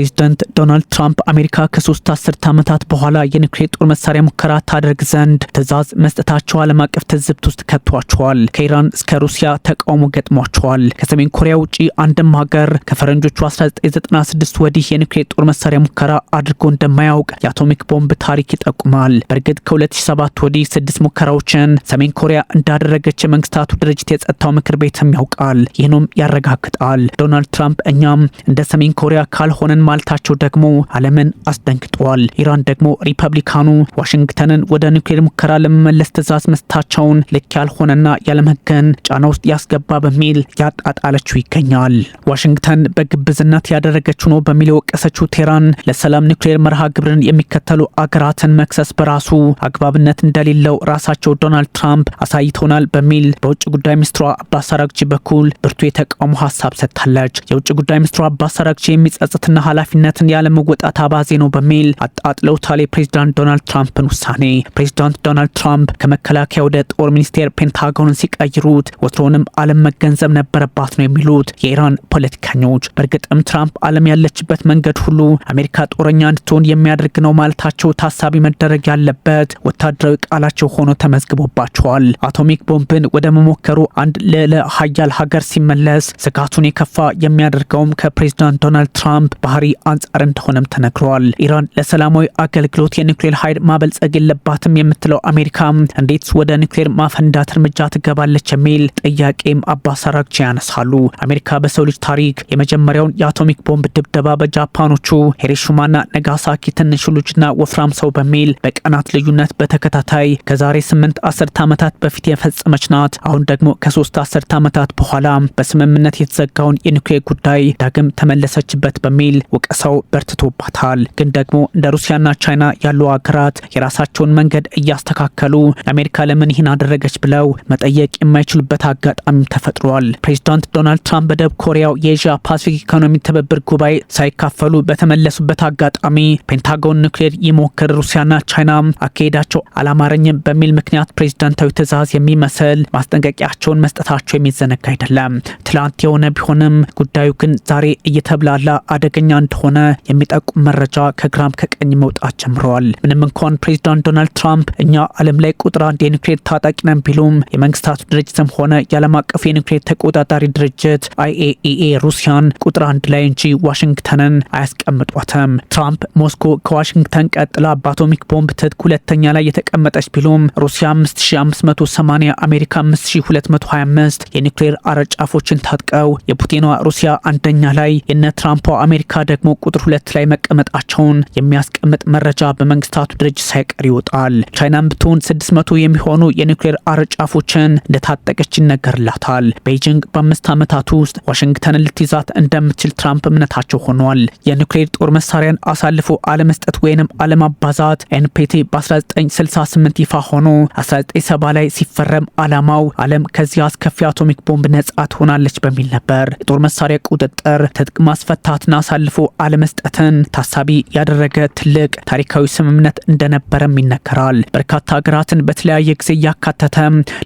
ፕሬዚደንት ዶናልድ ትራምፕ አሜሪካ ከሶስት አስርት ዓመታት በኋላ የኒውክሌር ጦር መሳሪያ ሙከራ ታደርግ ዘንድ ትዕዛዝ መስጠታቸው ዓለም አቀፍ ትዝብት ውስጥ ከቷቸዋል። ከኢራን እስከ ሩሲያ ተቃውሞ ገጥሟቸዋል። ከሰሜን ኮሪያ ውጪ አንድም ሀገር ከፈረንጆቹ 1996 ወዲህ የኒውክሌር ጦር መሳሪያ ሙከራ አድርጎ እንደማያውቅ የአቶሚክ ቦምብ ታሪክ ይጠቁማል። በእርግጥ ከ2007 ወዲህ ስድስት ሙከራዎችን ሰሜን ኮሪያ እንዳደረገች የመንግስታቱ ድርጅት የጸጥታው ምክር ቤትም ያውቃል። ይህንም ያረጋግጣል። ዶናልድ ትራምፕ እኛም እንደ ሰሜን ኮሪያ ካልሆነን ማለታቸው ደግሞ ዓለምን አስደንግጠዋል። ኢራን ደግሞ ሪፐብሊካኑ ዋሽንግተንን ወደ ኒውክሌር ሙከራ ለመመለስ ትእዛዝ መስታቸውን ልክ ያልሆነና ያለመገን ጫና ውስጥ ያስገባ በሚል ያጣጣለችው ይገኛል። ዋሽንግተን በግብዝነት ያደረገችው ነው በሚል የወቀሰችው ቴህራን ለሰላም ኒውክሌር መርሃ ግብርን የሚከተሉ አገራትን መክሰስ በራሱ አግባብነት እንደሌለው ራሳቸው ዶናልድ ትራምፕ አሳይቶናል በሚል በውጭ ጉዳይ ሚኒስትሯ አባስ አራግቺ በኩል ብርቱ የተቃውሞ ሀሳብ ሰጥታለች። የውጭ ጉዳይ ሚኒስትሯ አባስ አራግቺ የሚጸጽትና ኃላፊነትን ያለመወጣት አባዜ ነው በሚል አጣጥለውታል የፕሬዚዳንት ዶናልድ ትራምፕን ውሳኔ። ፕሬዚዳንት ዶናልድ ትራምፕ ከመከላከያ ወደ ጦር ሚኒስቴር ፔንታጎንን ሲቀይሩት ወትሮንም ዓለም መገንዘብ ነበረባት ነው የሚሉት የኢራን ፖለቲከኞች። በእርግጥም ትራምፕ ዓለም ያለችበት መንገድ ሁሉ አሜሪካ ጦረኛ እንድትሆን የሚያደርግ ነው ማለታቸው ታሳቢ መደረግ ያለበት ወታደራዊ ቃላቸው ሆኖ ተመዝግቦባቸዋል። አቶሚክ ቦምብን ወደ መሞከሩ አንድ ልዕለ ሀያል ሀገር ሲመለስ ስጋቱን የከፋ የሚያደርገውም ከፕሬዚዳንት ዶናልድ ትራምፕ ባህር ባህሪ አንጻር እንደሆነም ተነግሯል። ኢራን ለሰላማዊ አገልግሎት የኒክሌር ኃይል ማበልጸግ የለባትም የምትለው አሜሪካ እንዴት ወደ ኒውክሌር ማፈንዳት እርምጃ ትገባለች የሚል ጥያቄም አባስ ያነሳሉ። አሜሪካ በሰው ልጅ ታሪክ የመጀመሪያውን የአቶሚክ ቦምብ ድብደባ በጃፓኖቹ ሄሬሹማና ነጋሳኪ ትንሹ ልጅና ወፍራም ሰው በሚል በቀናት ልዩነት በተከታታይ ከዛሬ ስምንት አስርት ዓመታት በፊት የፈጸመች ናት። አሁን ደግሞ ከሶስት አስርት ዓመታት በኋላ በስምምነት የተዘጋውን የኒክሌር ጉዳይ ዳግም ተመለሰችበት በሚል ወቀሳው በርትቶባታል። ግን ደግሞ እንደ ሩሲያና ቻይና ያሉ ሀገራት የራሳቸውን መንገድ እያስተካከሉ ለአሜሪካ ለምን ይህን አደረገች ብለው መጠየቅ የማይችሉበት አጋጣሚ ተፈጥሯል። ፕሬዚዳንት ዶናልድ ትራምፕ በደቡብ ኮሪያው የኤዥያ ፓሲፊክ ኢኮኖሚ ትብብር ጉባኤ ሳይካፈሉ በተመለሱበት አጋጣሚ ፔንታጎን ኒውክሌር ይሞክር ሩሲያና ቻይና አካሄዳቸው አላማረኝም በሚል ምክንያት ፕሬዚዳንታዊ ትዕዛዝ የሚመስል ማስጠንቀቂያቸውን መስጠታቸው የሚዘነጋ አይደለም። ትላንት የሆነ ቢሆንም ጉዳዩ ግን ዛሬ እየተብላላ አደገኛ እንደሆነ የሚጠቁም መረጃ ከግራም ከቀኝ መውጣት ጀምረዋል። ምንም እንኳን ፕሬዚዳንት ዶናልድ ትራምፕ እኛ ዓለም ላይ ቁጥር አንድ የኒውክሌር ታጣቂ ነን ቢሉም የመንግስታቱ ድርጅትም ሆነ የዓለም አቀፍ የኒውክሌር ተቆጣጣሪ ድርጅት አይኤኢኤ ሩሲያን ቁጥር አንድ ላይ እንጂ ዋሽንግተንን አያስቀምጧትም። ትራምፕ ሞስኮ ከዋሽንግተን ቀጥላ በአቶሚክ ቦምብ ትጥቅ ሁለተኛ ላይ የተቀመጠች ቢሉም ሩሲያ 5580 አሜሪካ 5225 የኒውክሌር አረጫፎችን ታጥቀው የፑቲኗ ሩሲያ አንደኛ ላይ የነ ትራምፖ አሜሪካ ደግሞ ቁጥር ሁለት ላይ መቀመጣቸውን የሚያስቀምጥ መረጃ በመንግስታቱ ድርጅት ሳይቀር ይወጣል። ቻይናን ብትሆን ስድስት መቶ የሚሆኑ የኒውክሌር አረጫፎችን እንደታጠቀች ይነገርላታል። ቤጂንግ በአምስት ዓመታት ውስጥ ዋሽንግተንን ልትይዛት እንደምትችል ትራምፕ እምነታቸው ሆኗል። የኒውክሌር ጦር መሳሪያን አሳልፎ አለመስጠት ወይንም አለማባዛት ኤንፒቲ በ1968 ይፋ ሆኖ 1970 ላይ ሲፈረም ዓላማው አለም ከዚህ አስከፊ አቶሚክ ቦምብ ነጻ ትሆናለች በሚል ነበር። የጦር መሳሪያ ቁጥጥር፣ ትጥቅ ማስፈታትና አሳልፎ አሳልፎ አለመስጠትን ታሳቢ ያደረገ ትልቅ ታሪካዊ ስምምነት እንደነበረም ይነገራል። በርካታ ሀገራትን በተለያየ ጊዜ እያካተተ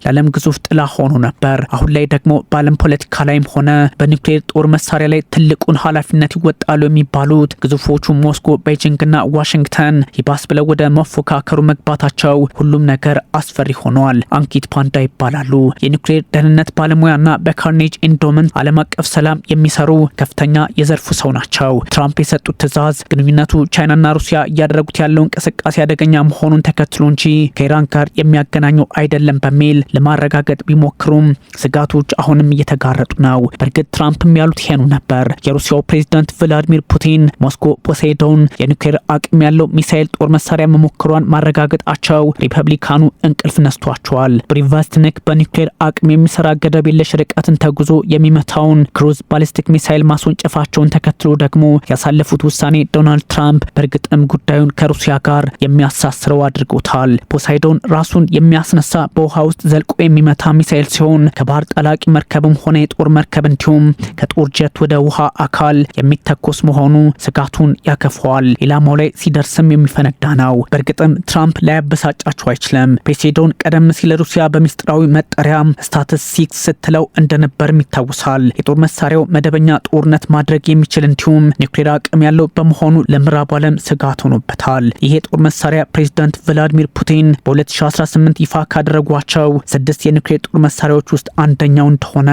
ለዓለም ግዙፍ ጥላ ሆኖ ነበር። አሁን ላይ ደግሞ በዓለም ፖለቲካ ላይም ሆነ በኒውክሌር ጦር መሳሪያ ላይ ትልቁን ኃላፊነት ይወጣሉ የሚባሉት ግዙፎቹ ሞስኮ፣ ቤጂንግና ዋሽንግተን ይባስ ብለው ወደ መፎካከሩ መግባታቸው ሁሉም ነገር አስፈሪ ሆኗል። አንኪት ፓንዳ ይባላሉ። የኒውክሌር ደህንነት ባለሙያና በካርኔጅ ኢንዶመንት ዓለም አቀፍ ሰላም የሚሰሩ ከፍተኛ የዘርፉ ሰው ናቸው። ትራምፕ የሰጡት ትዕዛዝ ግንኙነቱ ቻይናና ሩሲያ እያደረጉት ያለው እንቅስቃሴ አደገኛ መሆኑን ተከትሎ እንጂ ከኢራን ጋር የሚያገናኘው አይደለም በሚል ለማረጋገጥ ቢሞክሩም ስጋቶች አሁንም እየተጋረጡ ነው። በእርግጥ ትራምፕም ያሉት ይሄኑ ነበር። የሩሲያው ፕሬዚዳንት ቭላዲሚር ፑቲን ሞስኮ ፖሴዶን የኒውክሌር አቅም ያለው ሚሳኤል ጦር መሳሪያ መሞክሯን ማረጋገጣቸው ሪፐብሊካኑ እንቅልፍ ነስቷቸዋል። ብሪቫስትኒክ በኒውክሌር አቅም የሚሰራ ገደብ የለሽ ርቀትን ተጉዞ የሚመታውን ክሩዝ ባሊስቲክ ሚሳይል ማስወንጨፋቸውን ተከትሎ ደግሞ ያሳለፉት ውሳኔ ዶናልድ ትራምፕ በእርግጥም ጉዳዩን ከሩሲያ ጋር የሚያሳስረው አድርጎታል። ፖሳይዶን ራሱን የሚያስነሳ በውሃ ውስጥ ዘልቆ የሚመታ ሚሳኤል ሲሆን ከባህር ጠላቂ መርከብም ሆነ የጦር መርከብ እንዲሁም ከጦር ጀት ወደ ውሃ አካል የሚተኮስ መሆኑ ስጋቱን ያከፈዋል። ኢላማው ላይ ሲደርስም የሚፈነዳ ነው። በእርግጥም ትራምፕ ላያበሳጫቸው አይችልም። ፖሴዶን ቀደም ሲል ሩሲያ በሚስጥራዊ መጠሪያ ስታትስ ሲክስ ስትለው እንደነበርም ይታወሳል። የጦር መሳሪያው መደበኛ ጦርነት ማድረግ የሚችል እንዲሁም ኒውክሌር አቅም ያለው በመሆኑ ለምዕራቡ ዓለም ስጋት ሆኖበታል። ይሄ የጦር መሳሪያ ፕሬዚዳንት ቭላዲሚር ፑቲን በ2018 ይፋ ካደረጓቸው ስድስት የኒውክሌር ጦር መሳሪያዎች ውስጥ አንደኛው እንደሆነ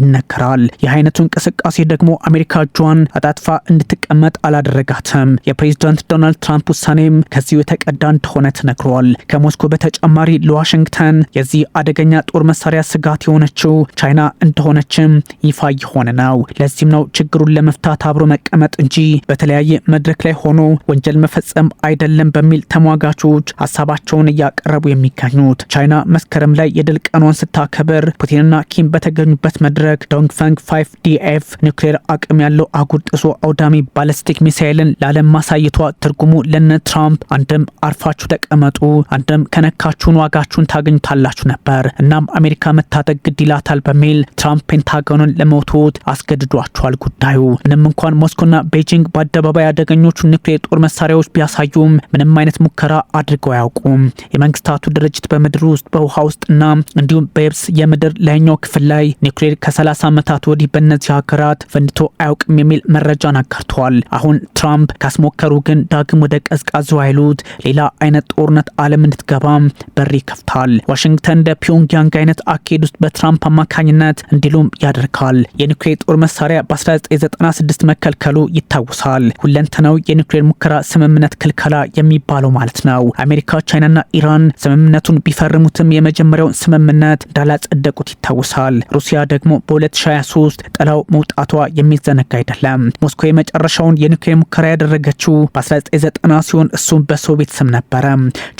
ይነገራል። ይህ አይነቱ እንቅስቃሴ ደግሞ አሜሪካ እጇን አጣጥፋ እንድትቀ እንድትቀመጥ አላደረጋትም። የፕሬዚዳንት ዶናልድ ትራምፕ ውሳኔም ከዚሁ የተቀዳ እንደሆነ ተነግሯል። ከሞስኮ በተጨማሪ ለዋሽንግተን የዚህ አደገኛ ጦር መሳሪያ ስጋት የሆነችው ቻይና እንደሆነችም ይፋ የሆነ ነው። ለዚህም ነው ችግሩን ለመፍታት አብሮ መቀመጥ እንጂ በተለያየ መድረክ ላይ ሆኖ ወንጀል መፈጸም አይደለም በሚል ተሟጋቾች ሀሳባቸውን እያቀረቡ የሚገኙት። ቻይና መስከረም ላይ የድል ቀኗን ስታከብር ፑቲንና ኪም በተገኙበት መድረክ ዶንግፋንግ ፋይቭ ዲኤፍ ኒውክሌር አቅም ያለው አጉር ጥሶ አውዳሚ ባለስቲክ ሚሳኤልን ለዓለም ማሳየቷ ትርጉሙ ለነ ትራምፕ አንድም አርፋችሁ ተቀመጡ፣ አንድም ከነካችሁን ዋጋችሁን ታገኙታላችሁ ነበር። እናም አሜሪካ መታጠቅ ግድ ይላታል በሚል ትራምፕ ፔንታጎንን ለመውቶት አስገድዷቸዋል። ጉዳዩ ምንም እንኳን ሞስኮና ቤጂንግ በአደባባይ አደገኞቹ ኒውክሌር ጦር መሳሪያዎች ቢያሳዩም ምንም አይነት ሙከራ አድርገው አያውቁም። የመንግስታቱ ድርጅት በምድር ውስጥ በውሃ ውስጥና እንዲሁም በየብስ የምድር ላይኛው ክፍል ላይ ኒውክሌር ከ30 ዓመታት ወዲህ በእነዚህ ሀገራት ፈንድቶ አያውቅም የሚል መረጃን አጋርተዋል። ተናግረዋል። አሁን ትራምፕ ካስሞከሩ ግን ዳግም ወደ ቀዝቃዙ ኃይሉት ሌላ አይነት ጦርነት ዓለም እንድትገባም በር ይከፍታል። ዋሽንግተን እንደ ፒዮንግያንግ አይነት አካሄድ ውስጥ በትራምፕ አማካኝነት እንዲሉም ያደርጋል። የኒውክሌር ጦር መሳሪያ በ1996 መከልከሉ ይታወሳል። ሁለንተናው የኒውክሌር ሙከራ ስምምነት ክልከላ የሚባለው ማለት ነው። አሜሪካ፣ ቻይናና ኢራን ስምምነቱን ቢፈርሙትም የመጀመሪያውን ስምምነት እንዳላጸደቁት ይታወሳል። ሩሲያ ደግሞ በ2023 ጥላው መውጣቷ የሚዘነጋ አይደለም። ሞስኮ የመጨረሻ የመጨረሻውን የኒውክሌር ሙከራ ያደረገችው በ1990 ሲሆን እሱም በሶቪየት ስም ነበረ።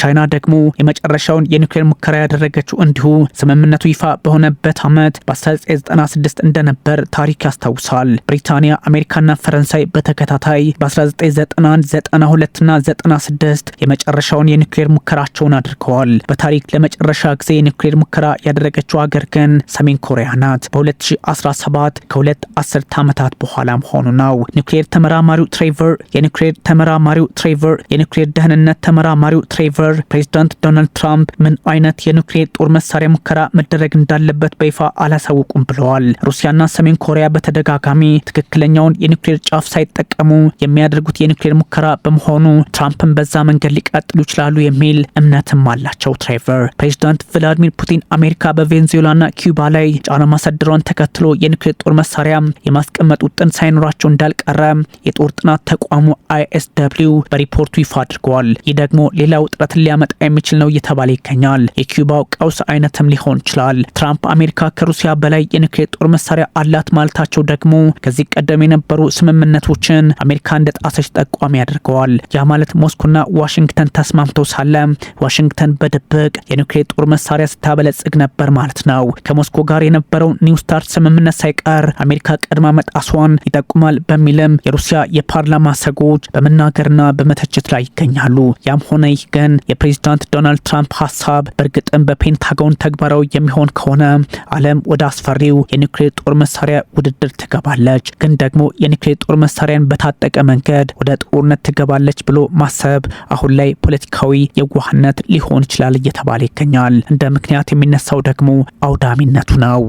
ቻይና ደግሞ የመጨረሻውን የኒውክሌር ሙከራ ያደረገችው እንዲሁ ስምምነቱ ይፋ በሆነበት ዓመት በ1996 እንደነበር ታሪክ ያስታውሳል። ብሪታንያ፣ አሜሪካና ፈረንሳይ በተከታታይ በ1991፣ 92ና 96 የመጨረሻውን የኒውክሌር ሙከራቸውን አድርገዋል። በታሪክ ለመጨረሻ ጊዜ የኒውክሌር ሙከራ ያደረገችው አገር ግን ሰሜን ኮሪያ ናት። በ2017 ከሁለት አስርት ዓመታት በኋላ መሆኑ ነው። ኒውክሌር ተመራማሪው ትሬቨር፣ የኒክሌር ተመራማሪው ትሬቨር፣ የኒክሌር ደህንነት ተመራማሪው ትሬቨር ፕሬዚዳንት ዶናልድ ትራምፕ ምን አይነት የኒክሌር ጦር መሳሪያ ሙከራ መደረግ እንዳለበት በይፋ አላሳውቁም ብለዋል። ሩሲያና ሰሜን ኮሪያ በተደጋጋሚ ትክክለኛውን የኒክሌር ጫፍ ሳይጠቀሙ የሚያደርጉት የኒክሌር ሙከራ በመሆኑ ትራምፕን በዛ መንገድ ሊቀጥሉ ይችላሉ የሚል እምነትም አላቸው ትሬቨር። ፕሬዚዳንት ቭላዲሚር ፑቲን አሜሪካ በቬንዙዌላና ኪዩባ ላይ ጫና ማሳደሯን ተከትሎ የኒክሌር ጦር መሳሪያ የማስቀመጥ ውጥን ሳይኖራቸው እንዳልቀረ የጦር ጥናት ተቋሙ አይኤስደብሊው በሪፖርቱ ይፋ አድርገዋል። ይህ ደግሞ ሌላ ውጥረትን ሊያመጣ የሚችል ነው እየተባለ ይገኛል። የኪዩባው ቀውስ አይነትም ሊሆን ይችላል። ትራምፕ አሜሪካ ከሩሲያ በላይ የኒውክሌር ጦር መሳሪያ አላት ማለታቸው ደግሞ ከዚህ ቀደም የነበሩ ስምምነቶችን አሜሪካ እንደጣሰች ጠቋሚ ያደርገዋል። ያ ማለት ሞስኮና ዋሽንግተን ተስማምተው ሳለ ዋሽንግተን በድብቅ የኒውክሌር ጦር መሳሪያ ስታበለጽግ ነበር ማለት ነው። ከሞስኮ ጋር የነበረው ኒው ስታርት ስምምነት ሳይቀር አሜሪካ ቀድማ መጣሷን ይጠቁማል በሚልም ሩሲያ የፓርላማ ሰጎች በመናገርና በመተቸት ላይ ይገኛሉ። ያም ሆነ ይህ ግን የፕሬዚዳንት ዶናልድ ትራምፕ ሀሳብ በእርግጥም በፔንታጎን ተግባራዊ የሚሆን ከሆነ ዓለም ወደ አስፈሪው የኒውክሌር ጦር መሳሪያ ውድድር ትገባለች። ግን ደግሞ የኒውክሌር ጦር መሳሪያን በታጠቀ መንገድ ወደ ጦርነት ትገባለች ብሎ ማሰብ አሁን ላይ ፖለቲካዊ የዋህነት ሊሆን ይችላል እየተባለ ይገኛል። እንደ ምክንያት የሚነሳው ደግሞ አውዳሚነቱ ነው።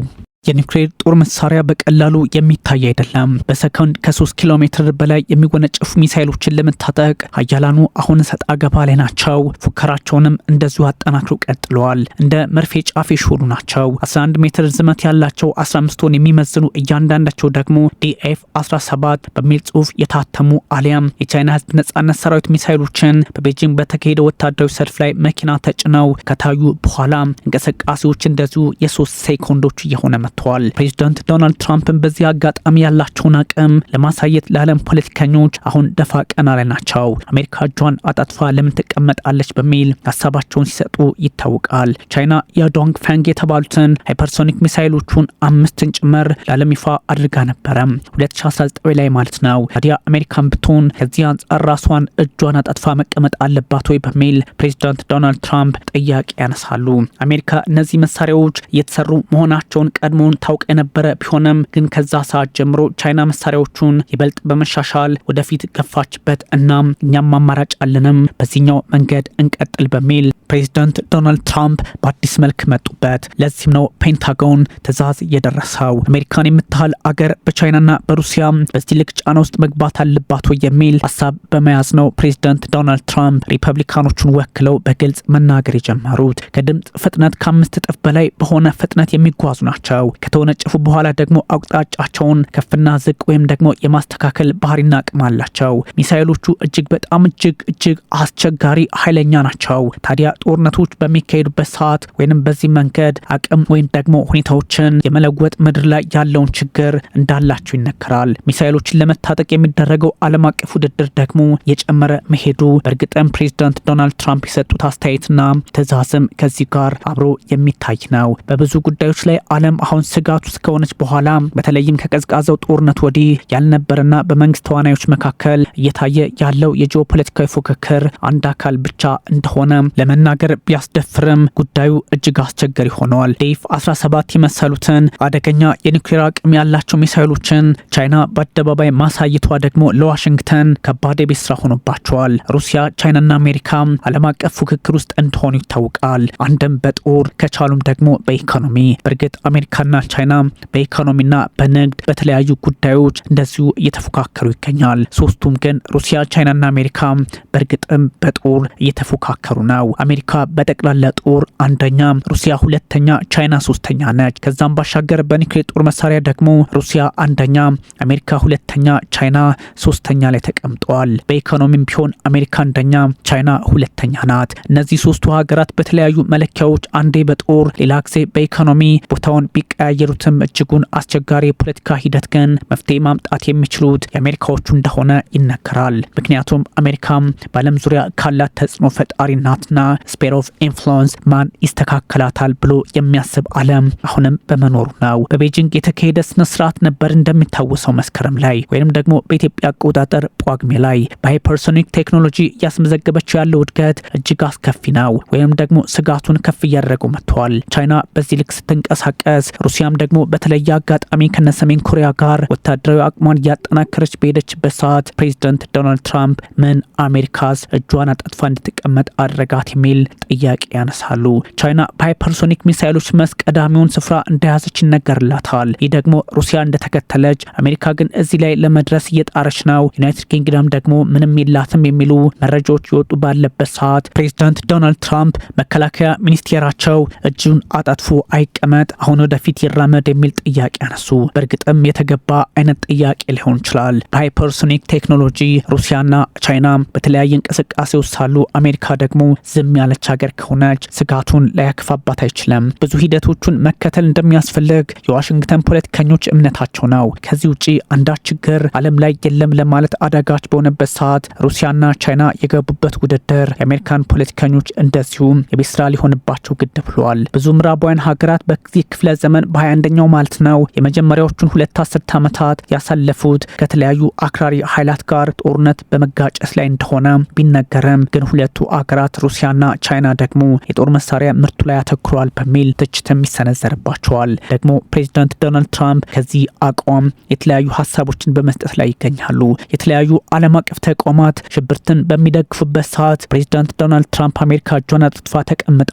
የኒውክሌር ጦር መሳሪያ በቀላሉ የሚታይ አይደለም። በሰከንድ ከሶስት ኪሎ ሜትር በላይ የሚወነጨፉ ሚሳይሎችን ለመታጠቅ ሀያላኑ አሁን ሰጥ አገባ ላይ ናቸው። ፉከራቸውንም እንደዚሁ አጠናክረው ቀጥለዋል። እንደ መርፌ ጫፍ የሾሉ ናቸው። 11 ሜትር ዝመት ያላቸው 15 ቶን የሚመዝኑ እያንዳንዳቸው ደግሞ ዲኤፍ 17 በሚል ጽሁፍ የታተሙ አሊያም የቻይና ህዝብ ነጻነት ሰራዊት ሚሳይሎችን በቤጂንግ በተካሄደ ወታደራዊ ሰልፍ ላይ መኪና ተጭነው ከታዩ በኋላ እንቅስቃሴዎች እንደዚሁ የሶስት ሴኮንዶች እየሆነ ተጋርተዋል። ፕሬዚዳንት ዶናልድ ትራምፕን በዚህ አጋጣሚ ያላቸውን አቅም ለማሳየት ለዓለም ፖለቲከኞች አሁን ደፋ ቀና ላይ ናቸው። አሜሪካ እጇን አጣጥፋ ለምን ትቀመጣለች በሚል ሀሳባቸውን ሲሰጡ ይታወቃል። ቻይና የዶንግ ፋንግ የተባሉትን ሃይፐርሶኒክ ሚሳይሎቹን አምስትን ጭምር ለዓለም ይፋ አድርጋ ነበረ 2019 ላይ ማለት ነው። ታዲያ አሜሪካን ብትሆን ከዚህ አንጻር ራሷን እጇን አጣጥፋ መቀመጥ አለባት ወይ በሚል ፕሬዚዳንት ዶናልድ ትራምፕ ጥያቄ ያነሳሉ። አሜሪካ እነዚህ መሳሪያዎች እየተሰሩ መሆናቸውን ቀድሞ መሆኑን ታውቅ የነበረ ቢሆንም ግን ከዛ ሰዓት ጀምሮ ቻይና መሳሪያዎቹን ይበልጥ በመሻሻል ወደፊት ገፋችበት። እናም እኛም አማራጭ አለንም፣ በዚህኛው መንገድ እንቀጥል በሚል ፕሬዚደንት ዶናልድ ትራምፕ በአዲስ መልክ መጡበት። ለዚህም ነው ፔንታጎን ትዕዛዝ የደረሰው አሜሪካን የምታህል አገር በቻይናና በሩሲያ በዚህ ልክ ጫና ውስጥ መግባት አለባት ወይ የሚል ሀሳብ በመያዝ ነው ፕሬዚደንት ዶናልድ ትራምፕ ሪፐብሊካኖቹን ወክለው በግልጽ መናገር የጀመሩት። ከድምፅ ፍጥነት ከአምስት እጥፍ በላይ በሆነ ፍጥነት የሚጓዙ ናቸው። ከተወነጨፉ በኋላ ደግሞ አቅጣጫቸውን ከፍና ዝቅ ወይም ደግሞ የማስተካከል ባህሪና አቅም አላቸው። ሚሳይሎቹ እጅግ በጣም እጅግ እጅግ አስቸጋሪ ኃይለኛ ናቸው። ታዲያ ጦርነቶች በሚካሄዱበት ሰዓት ወይም በዚህ መንገድ አቅም ወይም ደግሞ ሁኔታዎችን የመለወጥ ምድር ላይ ያለውን ችግር እንዳላቸው ይነገራል። ሚሳይሎችን ለመታጠቅ የሚደረገው ዓለም አቀፍ ውድድር ደግሞ የጨመረ መሄዱ በእርግጥም ፕሬዚዳንት ዶናልድ ትራምፕ የሰጡት አስተያየትና ትዕዛዝም ከዚህ ጋር አብሮ የሚታይ ነው። በብዙ ጉዳዮች ላይ ዓለም አሁን አሁን ስጋት ውስጥ ከሆነች በኋላ በተለይም ከቀዝቃዛው ጦርነት ወዲህ ያልነበረና በመንግስት ተዋናዮች መካከል እየታየ ያለው የጂኦፖለቲካዊ ፉክክር አንድ አካል ብቻ እንደሆነ ለመናገር ቢያስደፍርም ጉዳዩ እጅግ አስቸጋሪ ሆነዋል። ዴፍ 17 የመሰሉትን አደገኛ የኒውክሌር አቅም ያላቸው ሚሳይሎችን ቻይና በአደባባይ ማሳየቷ ደግሞ ለዋሽንግተን ከባድ የቤት ስራ ሆኖባቸዋል። ሩሲያ፣ ቻይናና አሜሪካ ዓለም አቀፍ ፉክክር ውስጥ እንደሆኑ ይታወቃል። አንድም በጦር ከቻሉም ደግሞ በኢኮኖሚ። በእርግጥ አሜሪካና ኢትዮጵያና ቻይና በኢኮኖሚና በንግድ በተለያዩ ጉዳዮች እንደዚሁ እየተፎካከሩ ይገኛል። ሶስቱም ግን ሩሲያ፣ ቻይናና አሜሪካ በእርግጥም በጦር እየተፎካከሩ ነው። አሜሪካ በጠቅላላ ጦር አንደኛ፣ ሩሲያ ሁለተኛ፣ ቻይና ሶስተኛ ነች። ከዛም ባሻገር በኒውክሌር ጦር መሳሪያ ደግሞ ሩሲያ አንደኛ፣ አሜሪካ ሁለተኛ፣ ቻይና ሶስተኛ ላይ ተቀምጠዋል። በኢኮኖሚም ቢሆን አሜሪካ አንደኛ፣ ቻይና ሁለተኛ ናት። እነዚህ ሶስቱ ሀገራት በተለያዩ መለኪያዎች አንዴ በጦር ሌላ ጊዜ በኢኮኖሚ ቦታውን ቢቀ ቀያየሩትም እጅጉን አስቸጋሪ የፖለቲካ ሂደት ግን መፍትሄ ማምጣት የሚችሉት የአሜሪካዎቹ እንደሆነ ይነገራል። ምክንያቱም አሜሪካም በዓለም ዙሪያ ካላት ተጽዕኖ ፈጣሪናትና ስፔር ኦፍ ኢንፍሉዌንስ ማን ይስተካከላታል ብሎ የሚያስብ ዓለም አሁንም በመኖሩ ነው። በቤጂንግ የተካሄደ ስነስርዓት ነበር እንደሚታወሰው መስከረም ላይ ወይም ደግሞ በኢትዮጵያ አቆጣጠር ጳጉሜ ላይ በሃይፐርሶኒክ ቴክኖሎጂ እያስመዘገበችው ያለው እድገት እጅግ አስከፊ ነው፣ ወይም ደግሞ ስጋቱን ከፍ እያደረገው መጥተዋል። ቻይና በዚህ ልክ ስትንቀሳቀስ ሩሲያም ደግሞ በተለየ አጋጣሚ ከነሰሜን ኮሪያ ጋር ወታደራዊ አቅሟን እያጠናከረች በሄደችበት ሰዓት ፕሬዚደንት ዶናልድ ትራምፕ ምን አሜሪካስ እጇን አጣጥፋ እንድትቀመጥ አድረጋት የሚል ጥያቄ ያነሳሉ። ቻይና በሃይፐርሶኒክ ሚሳይሎች መስክ ቀዳሚውን ስፍራ እንደያዘች ይነገርላታል። ይህ ደግሞ ሩሲያ እንደተከተለች፣ አሜሪካ ግን እዚህ ላይ ለመድረስ እየጣረች ነው፣ ዩናይትድ ኪንግደም ደግሞ ምንም የላትም የሚሉ መረጃዎች የወጡ ባለበት ሰዓት ፕሬዚደንት ዶናልድ ትራምፕ መከላከያ ሚኒስቴራቸው እጁን አጣጥፎ አይቀመጥ አሁን ወደፊት ወደፊት ይራመድ የሚል ጥያቄ አነሱ። በእርግጥም የተገባ አይነት ጥያቄ ሊሆን ይችላል። በሃይፐርሶኒክ ቴክኖሎጂ ሩሲያና ቻይና በተለያየ እንቅስቃሴ ውስጥ ሳሉ አሜሪካ ደግሞ ዝም ያለች ሀገር ከሆነች ስጋቱን ላያክፋባት አይችልም። ብዙ ሂደቶቹን መከተል እንደሚያስፈልግ የዋሽንግተን ፖለቲከኞች እምነታቸው ነው። ከዚህ ውጭ አንዳች ችግር ዓለም ላይ የለም ለማለት አዳጋች በሆነበት ሰዓት ሩሲያና ቻይና የገቡበት ውድድር የአሜሪካን ፖለቲከኞች እንደዚሁም የቤት ስራ ሊሆንባቸው ግድ ብሏል። ብዙ ምዕራባውያን ሀገራት በዚህ ክፍለ ዘመን ዘመን በ21ኛው ማለት ነው የመጀመሪያዎቹን ሁለት አስርት ዓመታት ያሳለፉት ከተለያዩ አክራሪ ኃይላት ጋር ጦርነት በመጋጨት ላይ እንደሆነ ቢነገርም ግን ሁለቱ አገራት ሩሲያና ቻይና ደግሞ የጦር መሳሪያ ምርቱ ላይ ያተኩረዋል በሚል ትችትም ይሰነዘርባቸዋል። ደግሞ ፕሬዚዳንት ዶናልድ ትራምፕ ከዚህ አቋም የተለያዩ ሀሳቦችን በመስጠት ላይ ይገኛሉ። የተለያዩ ዓለም አቀፍ ተቋማት ሽብርትን በሚደግፉበት ሰዓት ፕሬዚዳንት ዶናልድ ትራምፕ አሜሪካ እጇን አጥጥፋ ተቀምጣ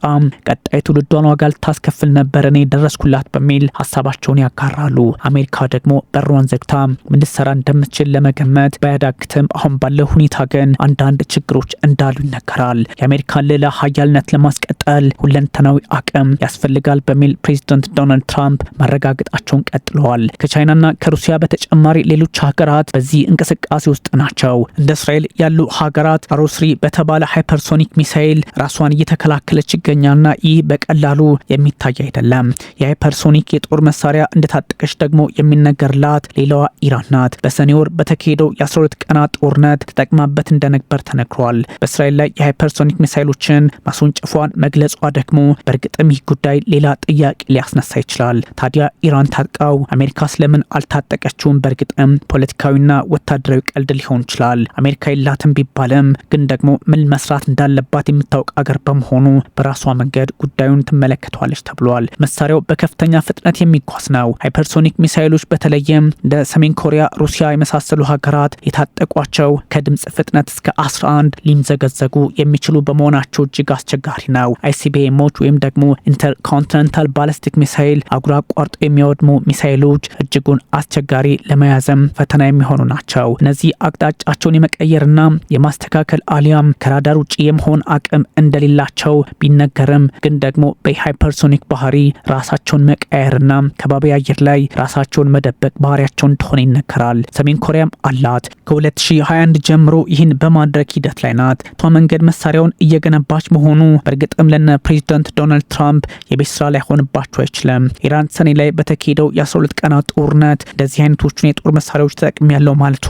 ቀጣይ ትውልዷን ዋጋ ልታስከፍል ነበር እኔ ደረስኩላት በሚል ሀሳባቸውን ያጋራሉ። አሜሪካ ደግሞ በሯን ዘግታ ምን ልትሰራ እንደምትችል ለመገመት ባያዳግትም አሁን ባለው ሁኔታ ግን አንዳንድ ችግሮች እንዳሉ ይነገራል። የአሜሪካን ልዕለ ሀያልነት ለማስቀጠል ሁለንተናዊ አቅም ያስፈልጋል በሚል ፕሬዚደንት ዶናልድ ትራምፕ ማረጋገጣቸውን ቀጥለዋል። ከቻይናና ከሩሲያ በተጨማሪ ሌሎች ሀገራት በዚህ እንቅስቃሴ ውስጥ ናቸው። እንደ እስራኤል ያሉ ሀገራት አሮስሪ በተባለ ሃይፐርሶኒክ ሚሳይል ራሷን እየተከላከለች ይገኛልና ይህ በቀላሉ የሚታይ አይደለም። የሃይፐርሶ ኤሌክትሮኒክ የጦር መሳሪያ እንደታጠቀች ደግሞ የሚነገርላት ሌላዋ ኢራን ናት። በሰኔ ወር በተካሄደው የ12 ቀናት ጦርነት ተጠቅማበት እንደነበር ተነግሯል። በእስራኤል ላይ የሃይፐርሶኒክ ሚሳይሎችን ማስወንጨፏን መግለጿ ደግሞ በእርግጥም ይህ ጉዳይ ሌላ ጥያቄ ሊያስነሳ ይችላል። ታዲያ ኢራን ታጥቃው አሜሪካ ስለምን አልታጠቀችውም? በእርግጥም ፖለቲካዊና ወታደራዊ ቀልድ ሊሆን ይችላል። አሜሪካ የላትም ቢባልም ግን ደግሞ ምን መስራት እንዳለባት የምታውቅ አገር በመሆኑ በራሷ መንገድ ጉዳዩን ትመለከተዋለች ተብሏል። መሳሪያው በከፍተኛ ፍጥነት የሚጓዝ ነው። ሃይፐርሶኒክ ሚሳይሎች በተለይም እንደ ሰሜን ኮሪያ፣ ሩሲያ የመሳሰሉ ሀገራት የታጠቋቸው ከድምፅ ፍጥነት እስከ 11 ሊምዘገዘጉ የሚችሉ በመሆናቸው እጅግ አስቸጋሪ ነው። አይሲቢኤሞች ወይም ደግሞ ኢንተርኮንቲኔንታል ባለስቲክ ሚሳይል አጉር አቋርጦ የሚያወድሙ ሚሳይሎች እጅጉን አስቸጋሪ ለመያዘም ፈተና የሚሆኑ ናቸው። እነዚህ አቅጣጫቸውን የመቀየርና የማስተካከል አሊያም ከራዳር ውጭ የመሆን አቅም እንደሌላቸው ቢነገርም ግን ደግሞ በሃይፐርሶኒክ ባህሪ ራሳቸውን መቀ መቀየርና ከባቢ አየር ላይ ራሳቸውን መደበቅ ባህሪያቸው እንደሆነ ይነገራል። ሰሜን ኮሪያም አላት። ከ2021 ጀምሮ ይህን በማድረግ ሂደት ላይ ናት። ቷ መንገድ መሳሪያውን እየገነባች መሆኑ በእርግጥም ለነ ፕሬዚደንት ዶናልድ ትራምፕ የቤት ስራ ላይሆንባቸው አይችልም። ኢራን ሰኔ ላይ በተካሄደው የ12 ቀናት ጦርነት እንደዚህ አይነቶቹን የጦር መሳሪያዎች ተጠቅም ያለው ማለቷ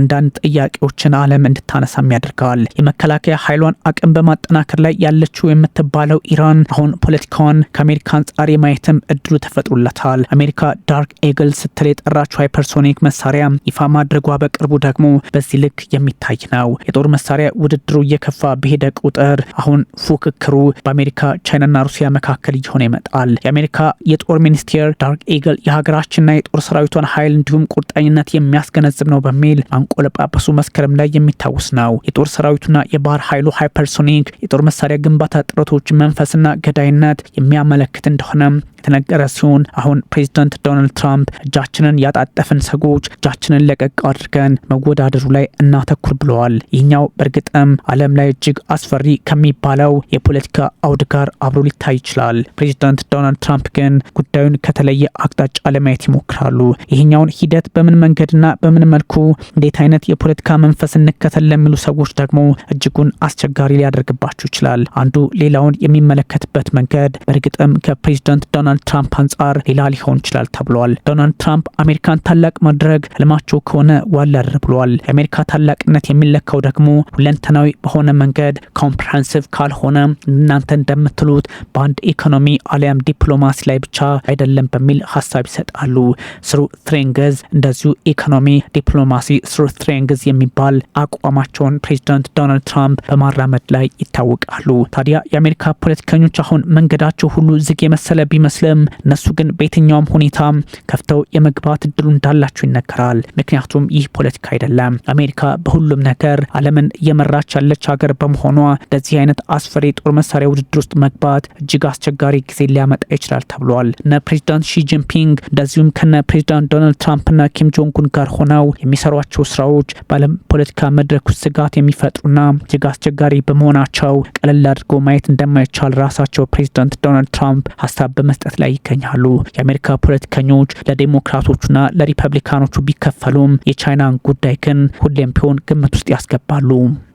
አንዳንድ ጥያቄዎችን ዓለም እንድታነሳም ያደርጋል። የመከላከያ ኃይሏን አቅም በማጠናከር ላይ ያለችው የምትባለው ኢራን አሁን ፖለቲካዋን ከአሜሪካ አንጻር የማየትም እድሉ ተፈጥሮለታል። አሜሪካ ዳርክ ኤግል ስትል የጠራችው ሃይፐርሶኒክ መሳሪያ ይፋ ማድረጓ በቅርቡ ደግሞ በዚህ ልክ የሚታይ ነው። የጦር መሳሪያ ውድድሩ እየከፋ በሄደ ቁጥር አሁን ፉክክሩ በአሜሪካ ቻይናና ሩሲያ መካከል እየሆነ ይመጣል። የአሜሪካ የጦር ሚኒስቴር ዳርክ ኤግል የሀገራችንና የጦር ሰራዊቷን ኃይል እንዲሁም ቁርጠኝነት የሚያስገነዝብ ነው በሚል አንቆለጳጳሱ መስከረም ላይ የሚታወስ ነው። የጦር ሰራዊቱና የባህር ኃይሉ ሃይፐርሶኒክ የጦር መሳሪያ ግንባታ ጥረቶች መንፈስና ገዳይነት የሚያመለክት እንደሆነ የተነገረ ሲሆን አሁን ፕሬዚዳንት ዶናልድ ትራምፕ እጃችንን ያጣጠፍን ሰጎች እጃችንን ለቀቅ አድርገን መወዳደሩ ላይ እናተኩር ብለዋል። ይህኛው በእርግጥም ዓለም ላይ እጅግ አስፈሪ ከሚባለው የፖለቲካ አውድ ጋር አብሮ ሊታይ ይችላል። ፕሬዚዳንት ዶናልድ ትራምፕ ግን ጉዳዩን ከተለየ አቅጣጫ ለማየት ይሞክራሉ። ይህኛውን ሂደት በምን መንገድና በምን መልኩ እንዴት አይነት የፖለቲካ መንፈስ እንከተል ለሚሉ ሰዎች ደግሞ እጅጉን አስቸጋሪ ሊያደርግባቸው ይችላል። አንዱ ሌላውን የሚመለከትበት መንገድ በእርግጥም ከፕሬዚዳንት ዶናልድ ከዶናልድ ትራምፕ አንጻር ሌላ ሊሆን ይችላል ተብሏል። ዶናልድ ትራምፕ አሜሪካን ታላቅ ማድረግ ህልማቸው ከሆነ ዋለር ብሏል። የአሜሪካ ታላቅነት የሚለካው ደግሞ ሁለንተናዊ በሆነ መንገድ ኮምፕሬንሲቭ ካልሆነ እናንተ እንደምትሉት በአንድ ኢኮኖሚ አሊያም ዲፕሎማሲ ላይ ብቻ አይደለም በሚል ሀሳብ ይሰጣሉ። ስሩ ትሬንግዝ እንደዚሁ ኢኮኖሚ፣ ዲፕሎማሲ ስሩ ትሬንግዝ የሚባል አቋማቸውን ፕሬዚደንት ዶናልድ ትራምፕ በማራመድ ላይ ይታወቃሉ። ታዲያ የአሜሪካ ፖለቲከኞች አሁን መንገዳቸው ሁሉ ዝግ የመሰለ ቢመስል አይመስልም። እነሱ ግን በየትኛውም ሁኔታ ከፍተው የመግባት እድሉ እንዳላቸው ይነገራል። ምክንያቱም ይህ ፖለቲካ አይደለም። አሜሪካ በሁሉም ነገር ዓለምን እየመራች ያለች ሀገር በመሆኗ እንደዚህ አይነት አስፈሪ የጦር መሳሪያ ውድድር ውስጥ መግባት እጅግ አስቸጋሪ ጊዜ ሊያመጣ ይችላል ተብሏል። እነ ፕሬዚዳንት ሺጂንፒንግ እንደዚሁም ከነ ፕሬዚዳንት ዶናልድ ትራምፕና ኪም ጆንጉን ጋር ሆነው የሚሰሯቸው ስራዎች በዓለም ፖለቲካ መድረክ ውስጥ ስጋት የሚፈጥሩና እጅግ አስቸጋሪ በመሆናቸው ቀለል አድርጎ ማየት እንደማይቻል ራሳቸው ፕሬዚዳንት ዶናልድ ትራምፕ ሀሳብ በመስጠት ርቀት ላይ ይገኛሉ። የአሜሪካ ፖለቲከኞች ለዴሞክራቶቹና ለሪፐብሊካኖቹ ቢከፈሉም የቻይናን ጉዳይ ግን ሁሌም ቢሆን ግምት ውስጥ ያስገባሉ።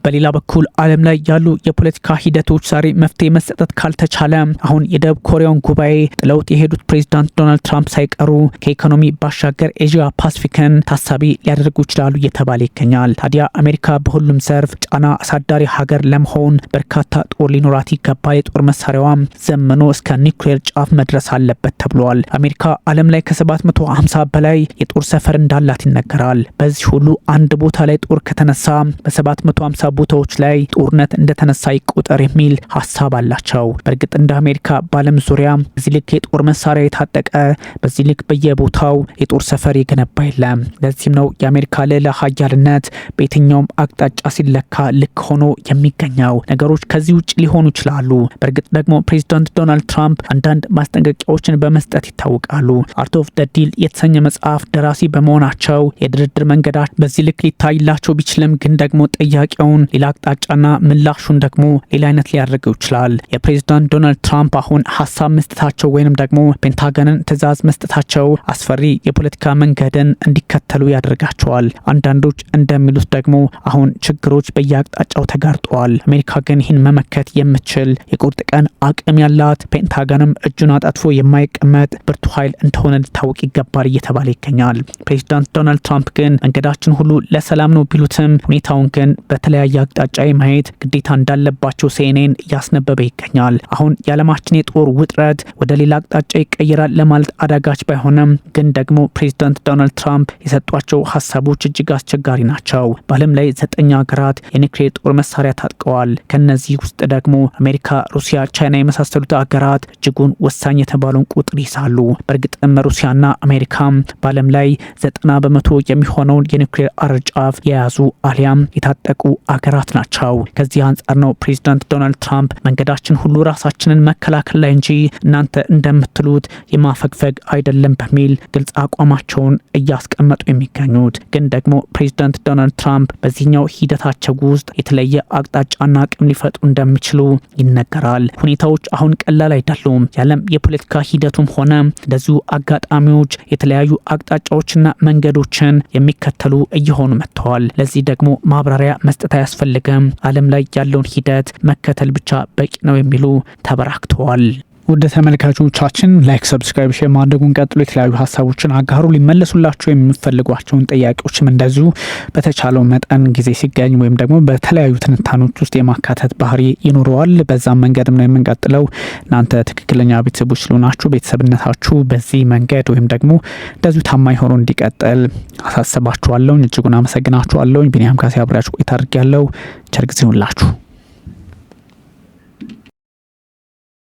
በሌላ በኩል ዓለም ላይ ያሉ የፖለቲካ ሂደቶች ዛሬ መፍትሄ መሰጠት ካልተቻለ አሁን የደቡብ ኮሪያውን ጉባኤ ጥለውት የሄዱት ፕሬዚዳንት ዶናልድ ትራምፕ ሳይቀሩ ከኢኮኖሚ ባሻገር ኤዥያ ፓሲፊክን ታሳቢ ሊያደርጉ ይችላሉ እየተባለ ይገኛል። ታዲያ አሜሪካ በሁሉም ዘርፍ ጫና አሳዳሪ ሀገር ለመሆን በርካታ ጦር ሊኖራት ይገባል። የጦር መሳሪያዋም ዘመኖ እስከ ኒውክሌር ጫፍ መድረስ አለበት ተብሏል። አሜሪካ ዓለም ላይ ከ750 በላይ የጦር ሰፈር እንዳላት ይነገራል። በዚህ ሁሉ አንድ ቦታ ላይ ጦር ከተነሳ በ750 ቦታዎች ላይ ጦርነት እንደተነሳ ይቆጠር የሚል ሀሳብ አላቸው። በእርግጥ እንደ አሜሪካ በዓለም ዙሪያ በዚህ ልክ የጦር መሳሪያ የታጠቀ በዚህ ልክ በየቦታው የጦር ሰፈር የገነባ የለም። ለዚህም ነው የአሜሪካ ልዕለ ሀያልነት በየትኛውም አቅጣጫ ሲለካ ልክ ሆኖ የሚገኘው። ነገሮች ከዚህ ውጭ ሊሆኑ ይችላሉ። በእርግጥ ደግሞ ፕሬዚዳንት ዶናልድ ትራምፕ አንዳንድ ማስጠንቀቂያዎችን በመስጠት ይታወቃሉ። አርት ኦፍ ደ ዲል የተሰኘ መጽሐፍ ደራሲ በመሆናቸው የድርድር መንገዳች በዚህ ልክ ሊታይላቸው ቢችልም ግን ደግሞ ጥያቄውን ሌላ አቅጣጫና ምላሹን ደግሞ ሌላ አይነት ሊያደርገው ይችላል። የፕሬዚዳንት ዶናልድ ትራምፕ አሁን ሀሳብ መስጠታቸው ወይንም ደግሞ ፔንታገንን ትዕዛዝ መስጠታቸው አስፈሪ የፖለቲካ መንገድን እንዲከተሉ ያደርጋቸዋል። አንዳንዶች እንደሚሉት ደግሞ አሁን ችግሮች በየአቅጣጫው ተጋርጠዋል። አሜሪካ ግን ይህን መመከት የምትችል የቁርጥ ቀን አቅም ያላት፣ ፔንታገንም እጁን አጣጥፎ የማይቀመጥ ብርቱ ኃይል እንደሆነ ሊታወቅ ይገባል እየተባለ ይገኛል። ፕሬዚዳንት ዶናልድ ትራምፕ ግን መንገዳችን ሁሉ ለሰላም ነው ቢሉትም ሁኔታውን ግን በተለያየ አቅጣጫ የማየት ግዴታ እንዳለባቸው ሲኤንኤን እያስነበበ ይገኛል። አሁን የዓለማችን የጦር ውጥረት ወደ ሌላ አቅጣጫ ይቀይራል ለማለት አዳጋች ባይሆንም ግን ደግሞ ፕሬዚዳንት ዶናልድ ትራምፕ የሰጧቸው ሀሳቦች እጅግ አስቸጋሪ ናቸው። በዓለም ላይ ዘጠኝ ሀገራት የኒውክሌር ጦር መሳሪያ ታጥቀዋል። ከነዚህ ውስጥ ደግሞ አሜሪካ፣ ሩሲያ፣ ቻይና የመሳሰሉት ሀገራት እጅጉን ወሳኝ የተባለውን ቁጥር ይሳሉ። በእርግጥም ሩሲያና አሜሪካም በዓለም ላይ ዘጠና በመቶ የሚሆነውን የኒውክሌር አርጫፍ የያዙ አሊያም የታጠቁ ሀገራት ናቸው። ከዚህ አንጻር ነው ፕሬዚዳንት ዶናልድ ትራምፕ መንገዳችን ሁሉ ራሳችንን መከላከል ላይ እንጂ እናንተ እንደምትሉት የማፈግፈግ አይደለም በሚል ግልጽ አቋማቸውን እያስቀመጡ የሚገኙት። ግን ደግሞ ፕሬዚዳንት ዶናልድ ትራምፕ በዚህኛው ሂደታቸው ውስጥ የተለየ አቅጣጫና አቅም ሊፈጡ እንደሚችሉ ይነገራል። ሁኔታዎች አሁን ቀላል አይደሉም። የዓለም የፖለቲካ ሂደቱም ሆነ እንደዚሁ አጋጣሚዎች የተለያዩ አቅጣጫዎችና መንገዶችን የሚከተሉ እየሆኑ መጥተዋል። ለዚህ ደግሞ ማብራሪያ መስጠት አያስፈልገም፣ ዓለም ላይ ያለውን ሂደት መከተል ብቻ በቂ ነው የሚሉ ተበራክተዋል። ውድ ተመልካቾቻችን ላይክ፣ ሰብስክራይብ፣ ሼር ማድረጉን ቀጥሎ የተለያዩ ሀሳቦችን አጋሩ። ሊመለሱላቸው የሚፈልጓቸውን ጥያቄዎችም እንደዚሁ በተቻለው መጠን ጊዜ ሲገኝ ወይም ደግሞ በተለያዩ ትንታኖች ውስጥ የማካተት ባህሪ ይኖረዋል። በዛም መንገድም ነው የምንቀጥለው። እናንተ ትክክለኛ ቤተሰቦች ስለሆናችሁ ቤተሰብነታችሁ በዚህ መንገድ ወይም ደግሞ እንደዚሁ ታማኝ ሆኖ እንዲቀጥል አሳስባችኋለሁኝ። እጅጉን አመሰግናችኋለሁኝ። ቢኒያም ካሴ አብሬያችሁ ቆይታ አድርጌያለሁ። ቸር ጊዜ